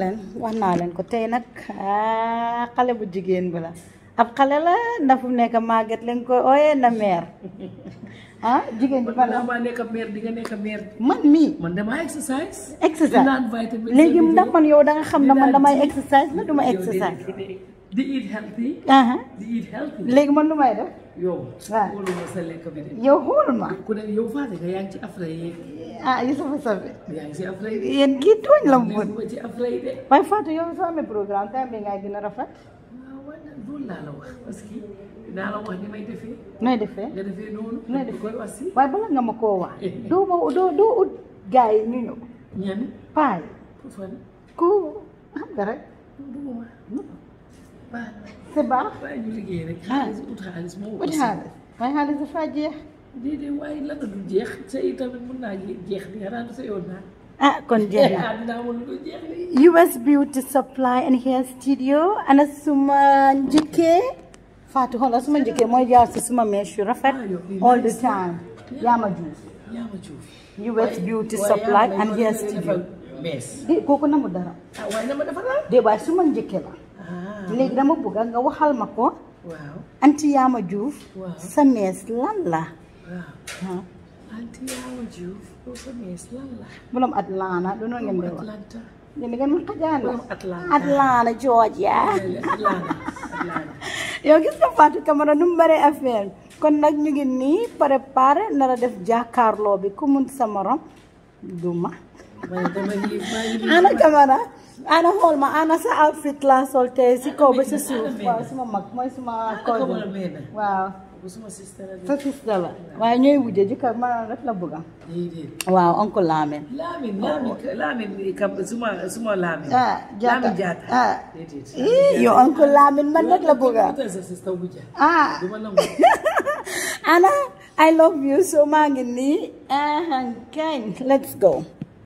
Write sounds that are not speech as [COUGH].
leen wax naa leen ko tey nag ah, xale bu jigéen bi la ab xale la ndax fu nekk màgget lañ koy ooyee na meer [LAUGHS] ah jigéen bi bala maa nekk meer di nga nekk meer man mii man damay exercise exercise léegi ndax man yow da nga xam ne man damay exercise la du ma exercise di eat healthy. di uh-huh. eat healthy. léegi man lu may def. yow. waaw xooluma sa lekk bi de. ku ne yow Fatick yaa ngi ci afra yi. ah Youssoupha Safé. yaa ngi ci afra yi de. yéen kii tooñ la mu bon. ci afra yi de. waaye Fatou yow soo amee programme temps bi ngay gën a rafet. Ah, parce que naa la nooy defee nga waaye bala nga ma koo wax. [LAUGHS] doo ma doo doo ut gars yi ñu ñëw. ñan. paa yi. ku c'est baax waaye ñu liggéey rek. Ah. xaalis ut xaalis moo. ut xaalis jeex. déedéet waaye lan la dul jeex say tamit mun naa jeex bi xanaa du sa yoon naa. ah kon jeex na US [LAUGHS] ah, Beauty Supply and Hair Studio ana suma njëkkee suma njëkkee mooy jaar si suma mèche yu rafet ah, all the time s Diouf US Beauty Supply and Hair Studio kooku na mu dara de waaye suma njëkkee la leg dama bëgg nga waxal mako waaw anti yama Diouf. waaw sa mes lan la. waaw. anti yama Diouf sa mes lan la. borom Atlanta do no ngeen di wax. ngeen di xajaan la. Atlanta Atlanta Georgia. yow gis nga fatu Camara num bare affaire kon nak ñu ngi ni préparer nar a def jakarlo bi ku mun sa morom duma. ana Camara. Ano hall ma ana sa outfit la solte si ko be si su waaw suma mag mooy suma ko Wow. suma sister la sa sister la waaye ñooy wujje jëkkër ma rek la bëgga Wow. oncle Lamin Lamin Lamin kam suma suma Lamin ah Lamin Jaata ah yow oncle Lamin man rek la bëgga ah [LAUGHS] ana I love you so maa ngi nii ah, kañ let's go